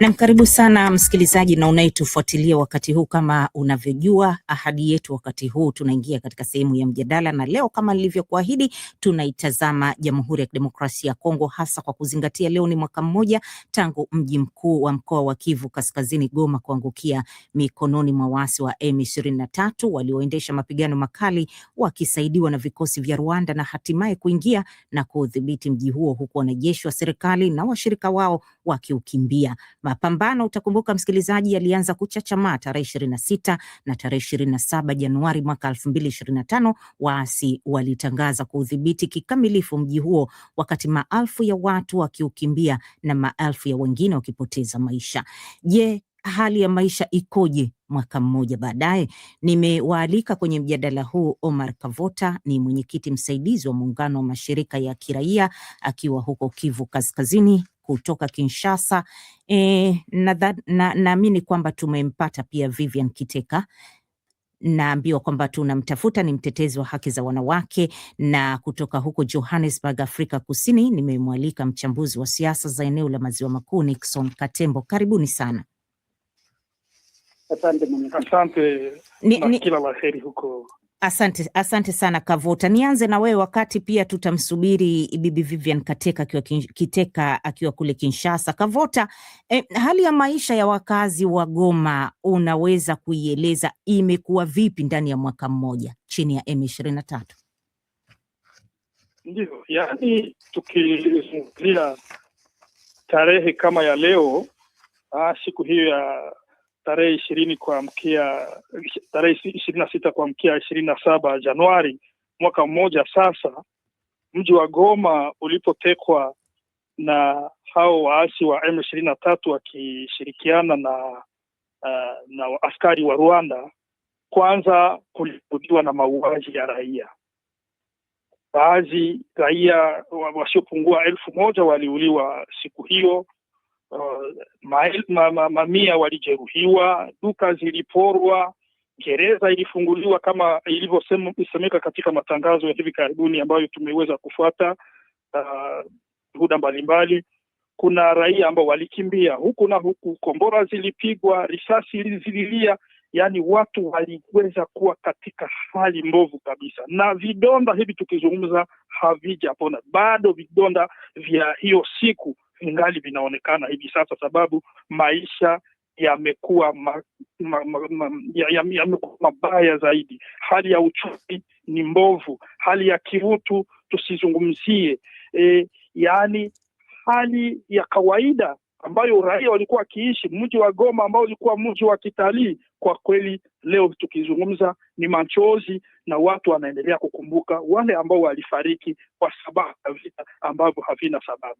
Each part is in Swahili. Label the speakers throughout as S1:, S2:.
S1: Nam, karibu sana msikilizaji na unayetufuatilia wakati huu. Kama unavyojua ahadi yetu, wakati huu tunaingia katika sehemu ya mjadala, na leo kama nilivyokuahidi, tunaitazama Jamhuri ya Kidemokrasia ya Kongo, hasa kwa kuzingatia leo ni mwaka mmoja tangu mji mkuu wa mkoa wa Kivu Kaskazini, Goma, kuangukia mikononi mwa waasi wa M23 walioendesha mapigano makali wakisaidiwa na vikosi vya Rwanda na hatimaye kuingia na kuudhibiti mji huo, huku wanajeshi wa serikali na washirika wao wakiukimbia. Mapambano, utakumbuka msikilizaji, yalianza kuchachamaa tarehe ishirini na sita na tarehe ishirini na saba Januari mwaka elfu mbili ishirini na tano waasi walitangaza kuudhibiti kikamilifu mji huo, wakati maelfu ya watu wakiukimbia na maelfu ya wengine wakipoteza maisha. Je, hali ya maisha ikoje mwaka mmoja baadaye? Nimewaalika kwenye mjadala huu Omar Kavota, ni mwenyekiti msaidizi wa muungano wa mashirika ya kiraia akiwa huko Kivu Kaskazini, kutoka Kinshasa. E, naamini na, kwamba tumempata pia Vivian Kiteka naambiwa kwamba tunamtafuta, ni mtetezi wa haki za wanawake. Na kutoka huko Johannesburg, Afrika Kusini, nimemwalika mchambuzi wa siasa za eneo la maziwa makuu Nixon Katembo. Karibuni sana.
S2: Asante, asante. Ni, ni, kila la heri huko
S1: Asante, asante sana Kavota. Nianze na wewe, wakati pia tutamsubiri Bibi Vivian Kateka akiwa Kiteka akiwa kule Kinshasa. Kavota, eh, hali ya maisha ya wakazi wa Goma unaweza kuieleza imekuwa vipi ndani ya mwaka mmoja chini ya M23?
S2: ndio yani tukizungumzia tarehe kama ya leo, ah, siku hiyo ya tarehe ishirini kuamkia tarehe ishirini na sita kuamkia ishirini na saba Januari mwaka mmoja sasa, mji wa Goma ulipotekwa na hao waasi wa M ishirini na tatu wakishirikiana na uh, na askari wa Rwanda. Kwanza kulirudiwa na mauaji ya raia, baadhi raia wasiopungua elfu moja waliuliwa siku hiyo Uh, ma, ma, mamia walijeruhiwa, duka ziliporwa, gereza ilifunguliwa kama ilivyosemeka katika matangazo ya hivi karibuni ambayo tumeweza kufuata juhuda uh, mbalimbali. Kuna raia ambao walikimbia huku na huku, kombora zilipigwa, risasi zililia, yaani watu waliweza kuwa katika hali mbovu kabisa, na vidonda hivi tukizungumza havijapona bado, vidonda vya hiyo siku vingali vinaonekana hivi sasa, sababu maisha yamekuwa ma, ma, ma, ya, ya mabaya zaidi. Hali ya uchumi ni mbovu, hali ya kiutu tusizungumzie. E, yaani hali ya kawaida ambayo raia walikuwa wakiishi, mji wa Goma ambao ulikuwa mji wa kitalii. Kwa kweli leo tukizungumza, ni machozi na watu wanaendelea kukumbuka wale ambao walifariki kwa sababu ya vita ambavyo havina sababu.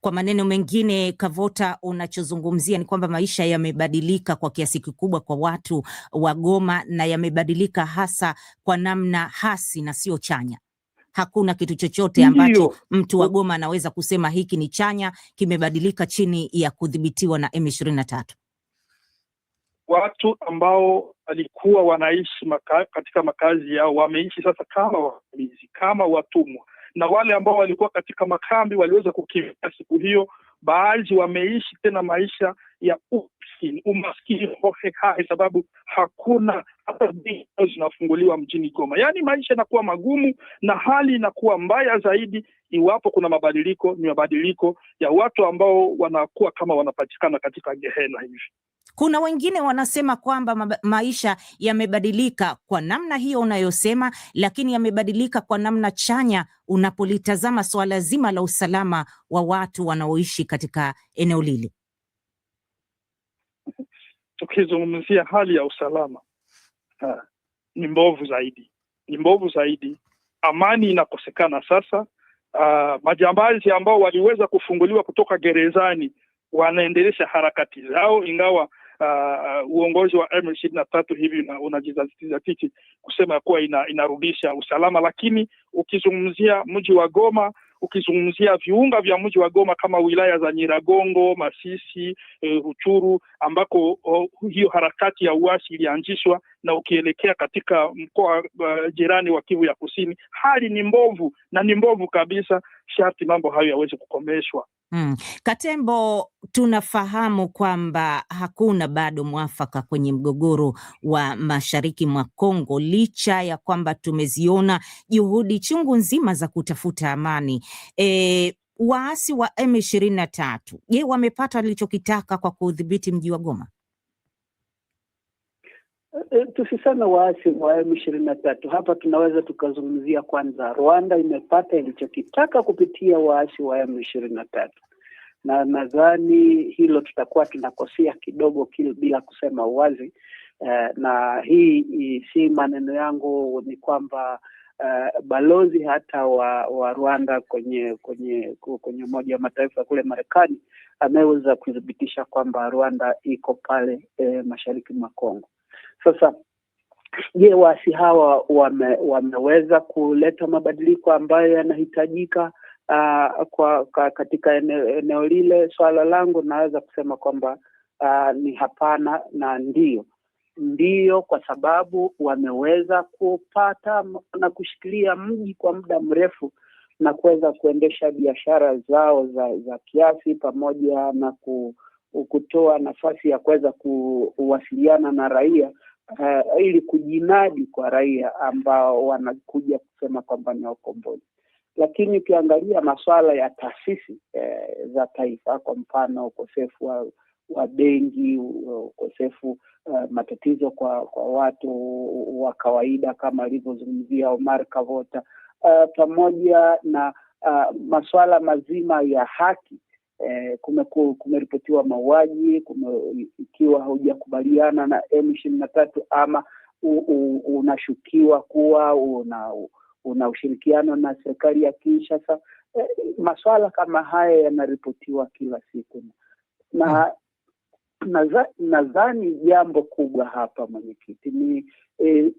S1: Kwa maneno mengine, Kavota, unachozungumzia ni kwamba maisha yamebadilika kwa kiasi kikubwa kwa watu wa Goma na yamebadilika hasa kwa namna hasi na sio chanya hakuna kitu chochote ambacho Ndiyo. mtu wa Goma anaweza kusema hiki ni chanya, kimebadilika chini ya kudhibitiwa na M23.
S2: Watu ambao walikuwa wanaishi maka, katika makazi yao wameishi sasa kama wakimbizi, kama watumwa, na wale ambao walikuwa katika makambi waliweza kukimbia siku hiyo, baadhi wameishi tena maisha ya umaskini, umaskini hohehahe, sababu hakuna hata zinafunguliwa mjini Goma. Yaani maisha yanakuwa magumu na hali inakuwa mbaya zaidi. Iwapo kuna mabadiliko, ni mabadiliko ya watu ambao wanakuwa kama wanapatikana katika gehena hivi.
S1: Kuna wengine wanasema kwamba maisha yamebadilika kwa namna hiyo unayosema, lakini yamebadilika kwa namna chanya unapolitazama suala zima la usalama wa watu wanaoishi katika eneo lile.
S2: tukizungumzia hali ya usalama ha, ni mbovu zaidi, ni mbovu zaidi. Amani inakosekana sasa. Uh, majambazi ambao waliweza kufunguliwa kutoka gerezani wanaendelesha harakati zao, ingawa uh, uongozi wa M ishirini na tatu hivi unajizatiti kusema kusema kuwa ina, inarudisha usalama, lakini ukizungumzia mji wa Goma ukizungumzia viunga vya mji wa Goma kama wilaya za Nyiragongo, Masisi, e, Ruchuru ambako oh, hiyo harakati ya uasi ilianzishwa na ukielekea katika mkoa uh, jirani wa Kivu ya Kusini, hali ni mbovu na ni mbovu kabisa. Sharti mambo hayo yaweze kukomeshwa.
S1: Mm. Katembo, tunafahamu kwamba hakuna bado mwafaka kwenye mgogoro wa mashariki mwa Kongo licha ya kwamba tumeziona juhudi chungu nzima za kutafuta amani. E, waasi wa M23 je, wamepata walichokitaka kwa kudhibiti mji wa Goma?
S3: Eh, eh, tusiseme waasi wa M ishirini na tatu hapa, tunaweza tukazungumzia kwanza, Rwanda imepata ilichokitaka kupitia waasi wa M ishirini na tatu na nadhani hilo tutakuwa tunakosea kidogo kil, bila kusema uwazi e, na hii, i, si maneno yangu, ni kwamba Uh, balozi hata wa, wa Rwanda kwenye kwenye kwenye Umoja wa Mataifa kule Marekani ameweza kuthibitisha kwamba Rwanda iko pale eh, mashariki mwa Kongo. Sasa je, waasi hawa wame, wameweza kuleta mabadiliko ambayo yanahitajika uh, kwa, kwa katika eneo, eneo lile? Swala langu naweza kusema kwamba uh, ni hapana na ndio ndiyo kwa sababu wameweza kupata na kushikilia mji kwa muda mrefu na kuweza kuendesha biashara zao za, za kiasi pamoja na kutoa nafasi ya kuweza kuwasiliana na raia uh, ili kujinadi kwa raia ambao wanakuja kusema kwamba ni wakombozi. Lakini ukiangalia masuala ya taasisi eh, za taifa, kwa mfano ukosefu wa wa benki, ukosefu uh, matatizo kwa kwa watu wa kawaida kama alivyozungumzia Omar Kavota, uh, pamoja na uh, masuala mazima ya haki Eh, kumeripotiwa mauaji kume, ikiwa haujakubaliana na m ishirini ama u, u, unashukiwa kuwa una, una ushirikiano na serikali ya Kinshasa. E, eh, masuala kama haya yanaripotiwa kila siku na hmm. nadhani na jambo kubwa hapa mwenyekiti ni e,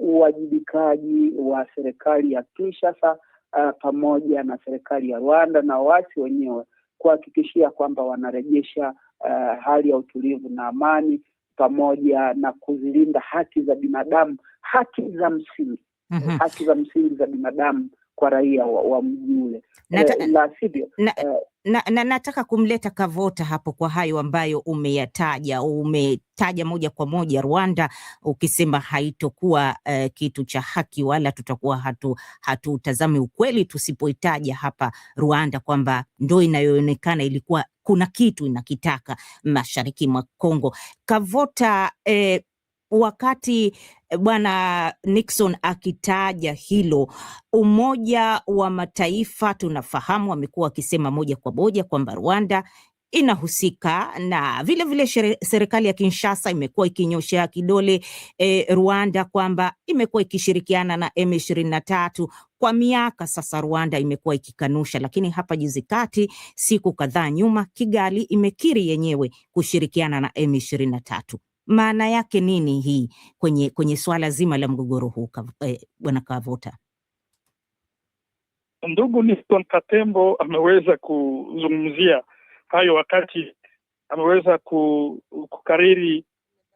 S3: uwajibikaji wa serikali ya Kinshasa a, ah, pamoja na serikali ya Rwanda na waasi wenyewe kuhakikishia kwamba wanarejesha uh, hali ya utulivu na amani pamoja na kuzilinda haki za binadamu, haki za msingi mm -hmm. haki za msingi za binadamu kwa raia wa, wa mji ule
S1: Nata, eh, la sivyo na, eh, na, na, nataka kumleta Kavota hapo kwa hayo ambayo umeyataja. Umetaja moja kwa moja Rwanda ukisema haitokuwa uh, kitu cha haki wala tutakuwa hatu hatutazami ukweli tusipoitaja hapa Rwanda kwamba ndo inayoonekana ilikuwa kuna kitu inakitaka mashariki mwa Kongo. Kavota eh, Wakati eh, bwana Nixon akitaja hilo, Umoja wa Mataifa tunafahamu amekuwa akisema moja kwa moja kwamba Rwanda inahusika na vilevile vile serikali ya Kinshasa imekuwa ikinyoshea kidole e, Rwanda kwamba imekuwa ikishirikiana na m tatu kwa miaka sasa. Rwanda imekuwa ikikanusha, lakini hapa juzi kati, siku kadhaa nyuma, Kigali imekiri yenyewe kushirikiana na m tatu maana yake nini hii kwenye kwenye swala zima la mgogoro huu eh, bwana eh, Kavota?
S2: Ndugu Niston Katembo ameweza kuzungumzia hayo wakati ameweza kukariri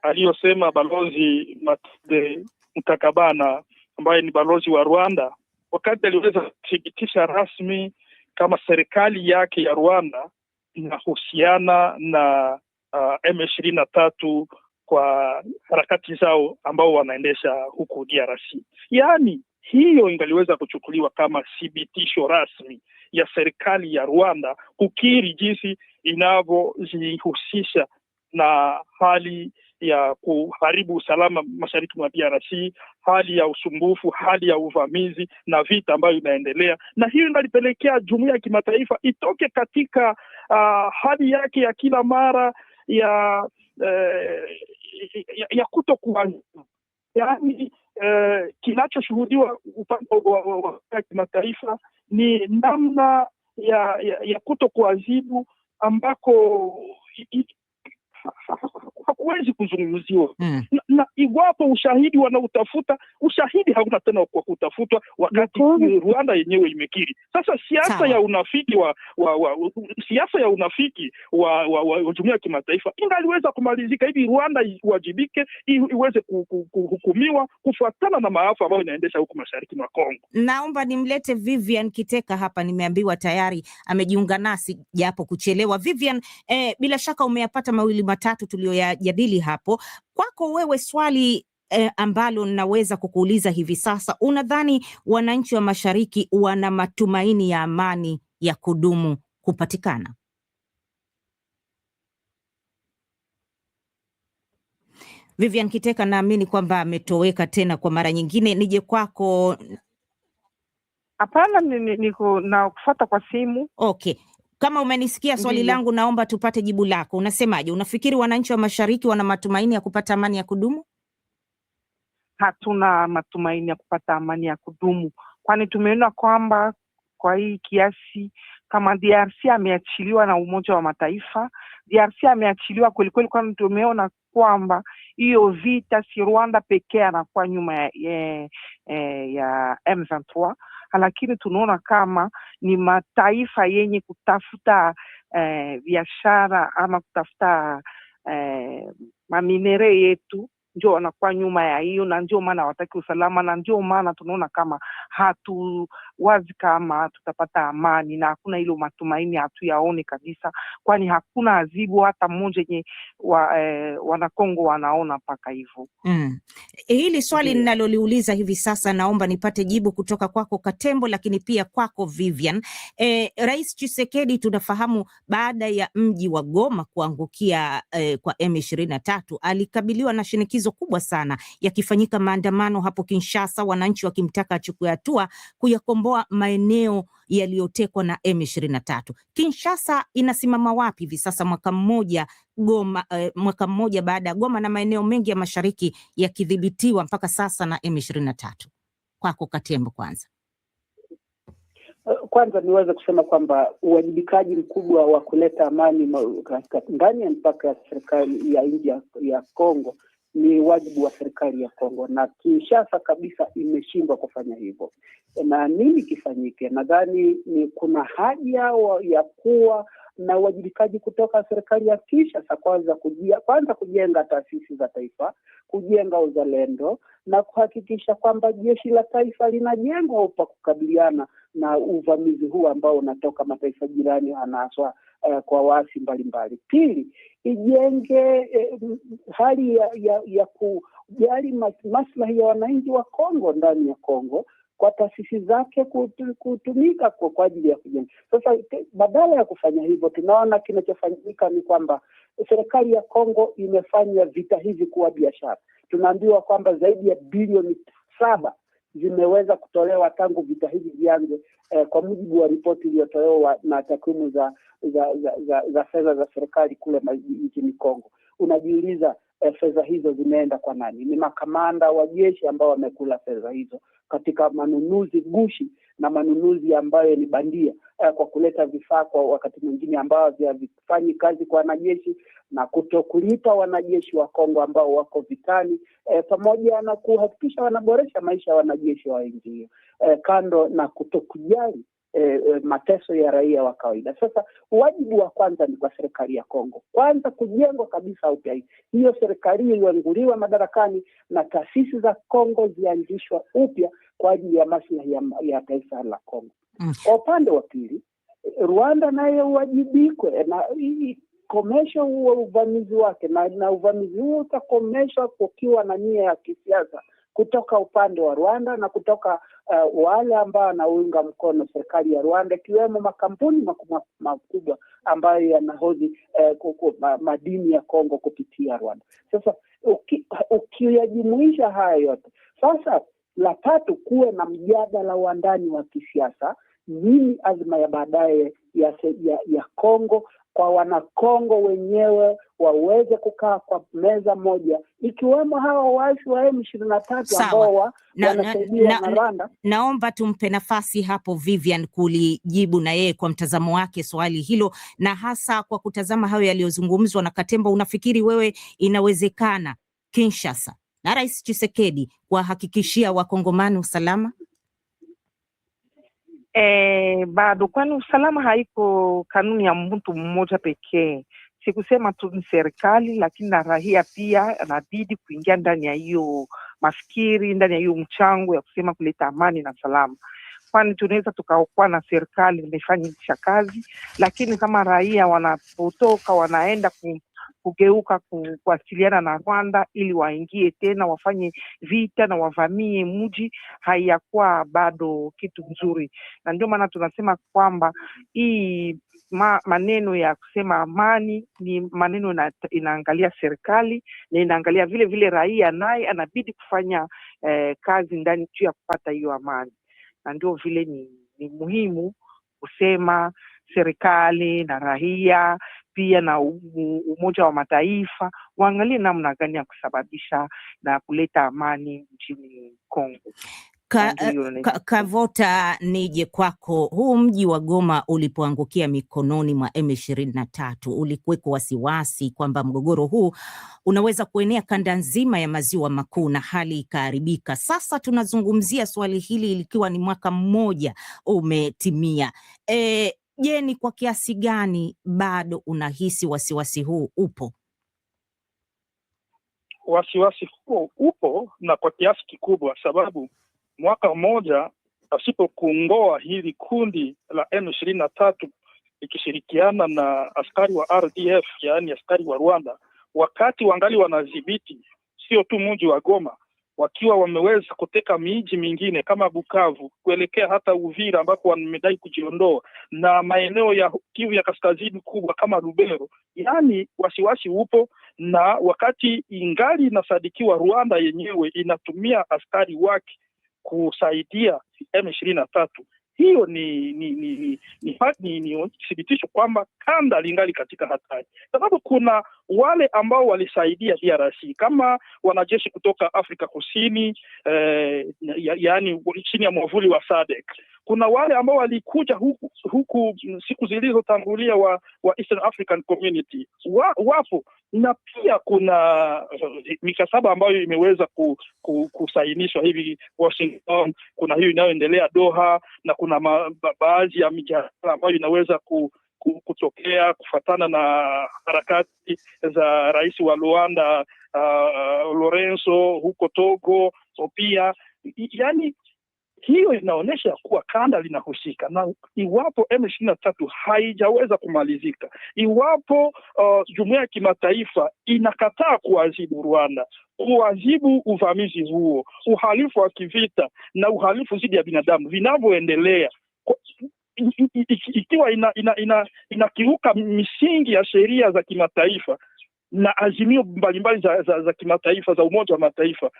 S2: aliyosema Balozi Matilde Mtakabana ambaye ni balozi wa Rwanda, wakati aliweza kuthibitisha rasmi kama serikali yake ya Rwanda inahusiana na ah, M ishirini na tatu kwa harakati zao ambao wanaendesha huku DRC. Yaani hiyo ingaliweza kuchukuliwa kama thibitisho rasmi ya serikali ya Rwanda kukiri jinsi inavyojihusisha na hali ya kuharibu usalama mashariki mwa DRC, hali ya usumbufu, hali ya uvamizi na vita ambayo inaendelea, na hiyo ingalipelekea jumuiya ya kimataifa itoke katika uh, hali yake ya kila mara ya Eh, ya, kuto kutokuwa yaani eh, kinachoshuhudiwa upande wa kimataifa ni namna ya, ya, ya kuto kuadhibu ambako huwezi kuzungumziwa mm. Na, na iwapo ushahidi wanautafuta ushahidi hauna tena kwa kutafutwa wakati mm. Rwanda yenyewe imekiri. Sasa siasa ya unafiki wa, wa, wa, wa siasa ya unafiki wa, wa, wa, wa jumuia ya kimataifa ingaliweza kumalizika hivi, Rwanda iwajibike, iweze kuhukumiwa kufuatana na maafa ambayo inaendesha huku mashariki mwa Kongo.
S1: Naomba nimlete Vivian Kiteka hapa, nimeambiwa tayari amejiunga nasi japo kuchelewa. Vivian, eh, bila shaka umeyapata mawili matatu tuliyoyaja kujadili hapo. Kwako wewe swali eh, ambalo naweza kukuuliza hivi sasa, unadhani wananchi wa mashariki wana matumaini ya amani ya kudumu kupatikana? Vivian Kiteka, naamini kwamba ametoweka tena kwa mara nyingine. Nije kwako.
S4: Hapana, niko na kufuata kwa simu.
S1: Okay, kama umenisikia swali langu, naomba tupate jibu lako. Unasemaje? Unafikiri wananchi wa mashariki wana matumaini ya kupata amani ya kudumu?
S4: Hatuna matumaini ya kupata amani ya kudumu, kwani tumeona kwamba kwa hii kiasi kama DRC ameachiliwa na Umoja wa Mataifa. DRC ameachiliwa kwelikweli, kwani tumeona kwamba hiyo vita si Rwanda pekee anakuwa nyuma ya, eh, eh, ya, ya m lakini tunaona kama ni mataifa yenye kutafuta eh, biashara ama kutafuta eh, maminere yetu ndio wanakuwa nyuma ya hiyo, na ndio maana hawataki usalama, na ndio maana tunaona kama hatu wazi kama tutapata amani, na hakuna ilo matumaini hatuyaone kabisa, kwani hakuna azibu hata mmoja enye wa, eh, wanakongo wanaona mpaka hivo
S1: mm. Eh, hili swali ninaloliuliza hivi sasa naomba nipate jibu kutoka kwako Katembo, lakini pia kwako Vivian. Eh, Rais chisekedi tunafahamu baada ya mji wa Goma kuangukia eh, kwa m tatu alikabiliwa na shinikizo kubwa sana, yakifanyika maandamano hapo Kinshasa, wananchi wakimtaka achukue hatua kuyakomb kukomboa maeneo yaliyotekwa na M23. Kinshasa inasimama wapi hivi sasa mwaka mmoja Goma, eh, mwaka mmoja baada ya Goma na maeneo mengi ya mashariki yakidhibitiwa mpaka sasa na M23? Kwako Katembo kwanza.
S3: Eh, kwanza niweze kusema kwamba uwajibikaji mkubwa wa kuleta amani ndani ya mpaka ya serikali ya nchi ya Kongo ni wajibu wa serikali ya Kongo na Kinshasa kabisa imeshindwa kufanya hivyo. Na nini kifanyike? Nadhani ni kuna haja ya kuwa na uwajibikaji kutoka serikali ya Kinshasa, kwanza kujia, kwanza kujenga taasisi za taifa, kujenga uzalendo na kuhakikisha kwamba jeshi la taifa linajengwa upa kukabiliana na uvamizi huu ambao unatoka mataifa jirani, anaswa uh, kwa waasi mbalimbali. Pili, ijenge eh, hali ya, ya, ya kujali yaani maslahi ya wananchi wa Kongo ndani ya Kongo kwa taasisi zake kutumika kwa, ajili ya kujenga. Sasa badala ya kufanya hivyo, tunaona kinachofanyika ni kwamba serikali ya Kongo imefanya vita hivi kuwa biashara. Tunaambiwa kwamba zaidi ya bilioni saba zimeweza kutolewa tangu vita hivi vianze, eh, kwa mujibu wa ripoti iliyotolewa na takwimu za za za, za, za fedha za serikali kule nchini Kongo. Unajiuliza, eh, fedha hizo zimeenda kwa nani? Ni makamanda wa jeshi ambao wamekula fedha hizo katika manunuzi gushi na manunuzi ambayo ni bandia eh, kwa kuleta vifaa kwa wakati mwingine ambao havifanyi kazi kwa wanajeshi na kutokulipa wanajeshi wa Kongo ambao wako vitani eh, pamoja na kuhakikisha wanaboresha maisha ya wanajeshi wa nchi hiyo eh, kando na kutokujali E, mateso ya raia wa kawaida. Sasa wajibu wa kwanza ni kwa serikali ya Kongo, kwanza kujengwa kabisa upya, hiyo serikali iliyoanguliwa madarakani na taasisi za Kongo zianzishwa upya kwa ajili ya maslahi ya, ya taifa la Kongo. Mm. Kwa upande wa pili, Rwanda naye uwajibikwe na ikomeshe huo uvamizi wake na, na uvamizi huo utakomeshwa kukiwa na nia ya kisiasa kutoka upande wa Rwanda na kutoka uh, wale ambao wanaunga mkono serikali ya Rwanda ikiwemo makampuni makubwa, makubwa ambayo yanahodhi uh, ma, madini ya Kongo kupitia Rwanda. Sasa ukiyajumuisha uki haya yote sasa la tatu, kuwe na mjadala wa ndani wa kisiasa. Nini azma ya baadaye ya, ya, ya Kongo kwa wanakongo wenyewe waweze kukaa kwa meza moja ikiwemo hawa waasi wa M ishirini na tatu ambao wanasaidia na, Rwanda.
S1: Naomba tumpe nafasi hapo Vivian kulijibu na yeye kwa mtazamo wake swali hilo, na hasa kwa kutazama hayo yaliyozungumzwa na Katemba, unafikiri wewe inawezekana Kinshasa na Rais chisekedi kuwahakikishia wakongomani usalama?
S4: E, bado kwani usalama haiko kanuni ya mtu mmoja pekee. Sikusema tu ni serikali, lakini na rahia pia anabidi kuingia ndani ya hiyo mafikiri, ndani ya hiyo mchango ya kusema kuleta amani na salama, kwani tunaweza tukaokuwa na serikali imefanyisha kazi, lakini kama raia wanapotoka wanaenda ku kugeuka kuwasiliana na Rwanda ili waingie tena wafanye vita na wavamie mji, haiyakuwa bado kitu nzuri, na ndio maana tunasema kwamba hii ma, maneno ya kusema amani ni maneno na, inaangalia serikali na inaangalia vile vile raia, naye anabidi kufanya eh, kazi ndani tu ya kupata hiyo amani, na ndio vile ni, ni muhimu kusema serikali na raia pia na Umoja wa Mataifa waangalie namna gani ya kusababisha na kuleta amani nchini Kongo.
S1: Ka, ka, Kavota, nije kwako. Huu mji wa Goma ulipoangukia mikononi mwa M ishirini na tatu ulikuweko wasiwasi kwamba mgogoro huu unaweza kuenea kanda nzima ya maziwa makuu na hali ikaharibika. Sasa tunazungumzia swali hili likiwa ni mwaka mmoja umetimia. E, Je, ni kwa kiasi gani bado unahisi wasiwasi huu upo?
S2: Wasiwasi huo upo na kwa kiasi kikubwa, sababu mwaka mmoja pasipokungoa hili kundi la M ishirini na tatu ikishirikiana na askari wa RDF, yaani askari wa Rwanda, wakati wangali wanadhibiti sio tu mji wa Goma wakiwa wameweza kuteka miji mingine kama Bukavu kuelekea hata Uvira ambapo wamedai kujiondoa na maeneo ya Kivu ya kaskazini kubwa kama Rubero. Yaani wasiwasi upo, na wakati ingali inasadikiwa Rwanda yenyewe inatumia askari wake kusaidia M ishirini na tatu hiyo ni ni ni ni, ni, ni, ni thibitisho kwamba kanda lingali katika hatari, sababu kuna wale ambao walisaidia DRC kama wanajeshi kutoka Afrika Kusini eh, ya, yaani chini ya mwavuli wa SADC kuna wale ambao walikuja huku, huku siku zilizotangulia wa, wa Eastern African Community wa, wapo na pia kuna eh, mikataba ambayo imeweza ku, ku, kusainishwa hivi Washington, kuna hiyo inayoendelea Doha na kuna ma, ba, baadhi ya mijadala ambayo inaweza ku, ku, kutokea kufatana na harakati za rais wa Luanda uh, Lorenzo huko Togo pia yani hiyo inaonyesha kuwa kanda linahusika, na iwapo M ishirini na tatu haijaweza kumalizika, iwapo uh, jumuia ya kimataifa inakataa kuwazibu Rwanda kuadhibu uvamizi huo, uhalifu wa kivita na uhalifu dhidi ya binadamu vinavyoendelea ikiwa ina, ina, ina, inakiuka misingi ya sheria za kimataifa na azimio mbalimbali za, za, za kimataifa za Umoja wa Mataifa,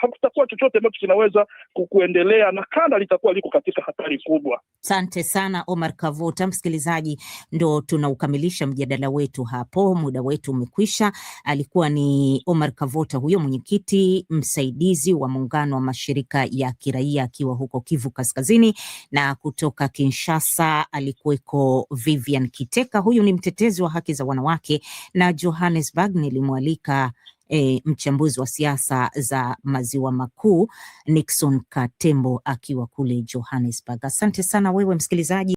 S2: hakutakuwa chochote ambacho kinaweza kuendelea na kanda litakuwa liko katika hatari kubwa.
S1: Asante sana Omar Kavota. Msikilizaji, ndo tunaukamilisha mjadala wetu hapo, muda wetu umekwisha. Alikuwa ni Omar Kavota huyo, mwenyekiti msaidizi wa muungano wa mashirika ya kiraia akiwa huko Kivu Kaskazini, na kutoka Kinshasa alikuweko Vivian Kiteka, huyu ni mtetezi wa haki za wanawake na Johannes Johannesburg nilimwalika E, mchambuzi wa siasa za maziwa makuu Nixon Katembo akiwa kule Johannesburg. Asante sana wewe msikilizaji.